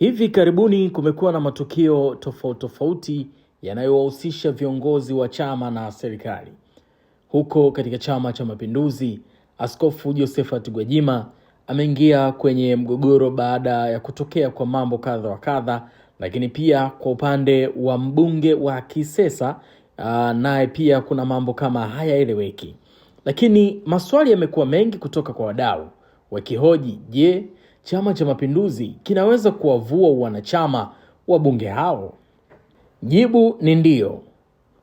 Hivi karibuni kumekuwa na matukio tofauti tofauti yanayowahusisha viongozi wa chama na serikali. Huko katika Chama cha Mapinduzi, Askofu Josephat Gwajima ameingia kwenye mgogoro baada ya kutokea kwa mambo kadha wa kadha, lakini pia kwa upande wa mbunge wa Kisesa ah, naye pia kuna mambo kama hayaeleweki, lakini maswali yamekuwa mengi kutoka kwa wadau wakihoji, je, Chama cha Mapinduzi kinaweza kuwavua wanachama wa bunge hao? Jibu ni ndio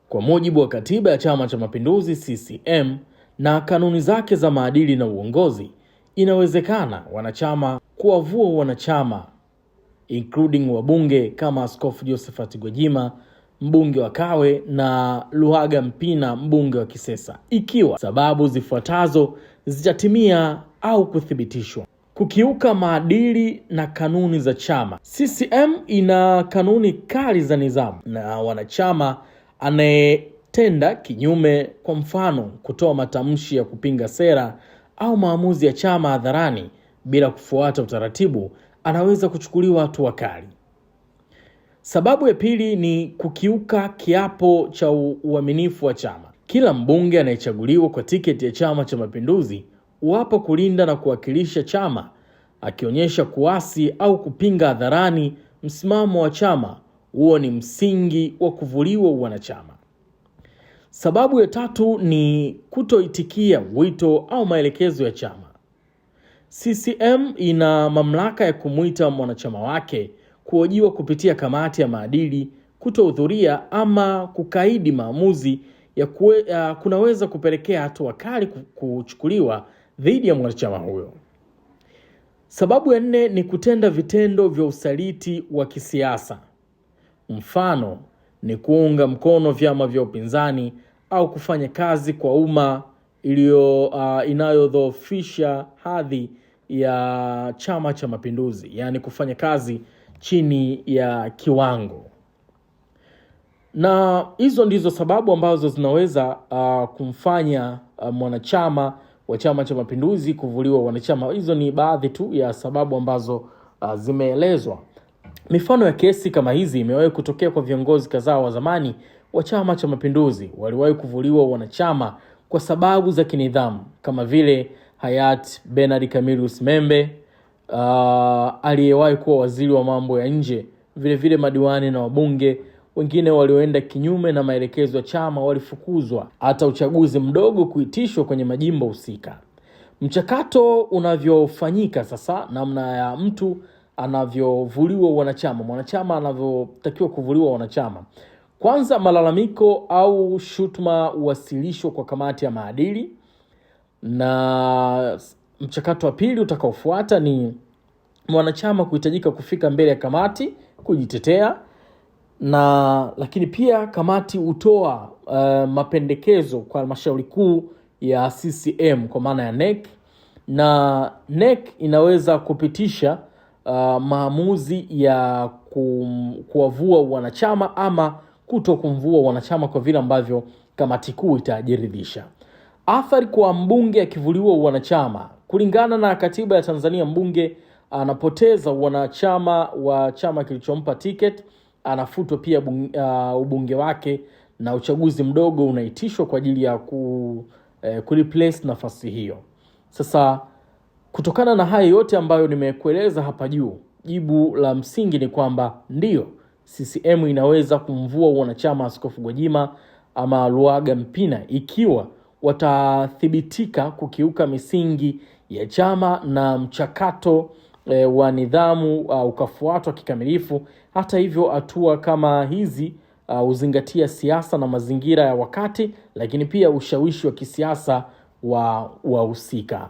Kwa mujibu wa katiba ya Chama cha Mapinduzi CCM na kanuni zake za maadili na uongozi, inawezekana wanachama kuwavua wanachama including wabunge kama Askofu Josephat Gwajima mbunge wa Kawe na Luhaga Mpina mbunge wa Kisesa ikiwa sababu zifuatazo zitatimia au kuthibitishwa kukiuka maadili na kanuni za chama. CCM ina kanuni kali za nidhamu na wanachama anayetenda kinyume, kwa mfano kutoa matamshi ya kupinga sera au maamuzi ya chama hadharani bila kufuata utaratibu, anaweza kuchukuliwa hatua kali. Sababu ya pili ni kukiuka kiapo cha uaminifu wa chama. Kila mbunge anayechaguliwa kwa tiketi ya Chama cha Mapinduzi wapo kulinda na kuwakilisha chama, akionyesha kuasi au kupinga hadharani msimamo wa chama, huo ni msingi wa kuvuliwa uwanachama. Sababu ya tatu ni kutoitikia wito au maelekezo ya chama. CCM ina mamlaka ya kumwita mwanachama wake kuhojiwa kupitia kamati ya maadili. Kutohudhuria ama kukaidi maamuzi ya, kue, ya kunaweza kupelekea hatua kali kuchukuliwa dhidi ya mwanachama huyo. Sababu ya nne ni kutenda vitendo vya usaliti wa kisiasa, mfano ni kuunga mkono vyama vya upinzani au kufanya kazi kwa umma iliyo uh, inayodhoofisha hadhi ya Chama cha Mapinduzi, yaani kufanya kazi chini ya kiwango. Na hizo ndizo sababu ambazo zinaweza uh, kumfanya uh, mwanachama wa Chama cha Mapinduzi kuvuliwa wanachama. Hizo ni baadhi tu ya sababu ambazo uh, zimeelezwa. Mifano ya kesi kama hizi imewahi kutokea kwa viongozi kadhaa wa zamani wa Chama cha Mapinduzi waliwahi kuvuliwa wanachama kwa sababu za kinidhamu kama vile hayati Bernard Camillus Membe uh, aliyewahi kuwa waziri wa mambo ya nje, vilevile madiwani na wabunge wengine walioenda kinyume na maelekezo ya chama walifukuzwa, hata uchaguzi mdogo kuitishwa kwenye majimbo husika. Mchakato unavyofanyika sasa, namna ya mtu anavyovuliwa wanachama, mwanachama anavyotakiwa kuvuliwa wanachama. Kwanza, malalamiko au shutuma uwasilishwa kwa kamati ya maadili, na mchakato wa pili utakaofuata ni mwanachama kuhitajika kufika mbele ya kamati kujitetea na lakini pia kamati hutoa uh, mapendekezo kwa halmashauri kuu ya CCM kwa maana ya NEC, na NEC inaweza kupitisha uh, maamuzi ya kuwavua wanachama ama kuto kumvua wanachama kwa vile ambavyo kamati kuu itajiridhisha. Athari kwa mbunge akivuliwa wanachama, kulingana na katiba ya Tanzania, mbunge anapoteza wanachama wa chama kilichompa tiketi anafutwa pia uh, ubunge wake na uchaguzi mdogo unaitishwa kwa ajili ya ku, eh, kureplace nafasi hiyo. Sasa kutokana na haya yote ambayo nimekueleza hapa juu, jibu la msingi ni kwamba ndiyo CCM inaweza kumvua wanachama Askofu Gwajima ama luaga Mpina ikiwa watathibitika kukiuka misingi ya chama na mchakato e, wa nidhamu uh, ukafuatwa kikamilifu. Hata hivyo, hatua kama hizi ah, huzingatia uh, siasa na mazingira ya wakati, lakini pia ushawishi wa kisiasa wa wahusika.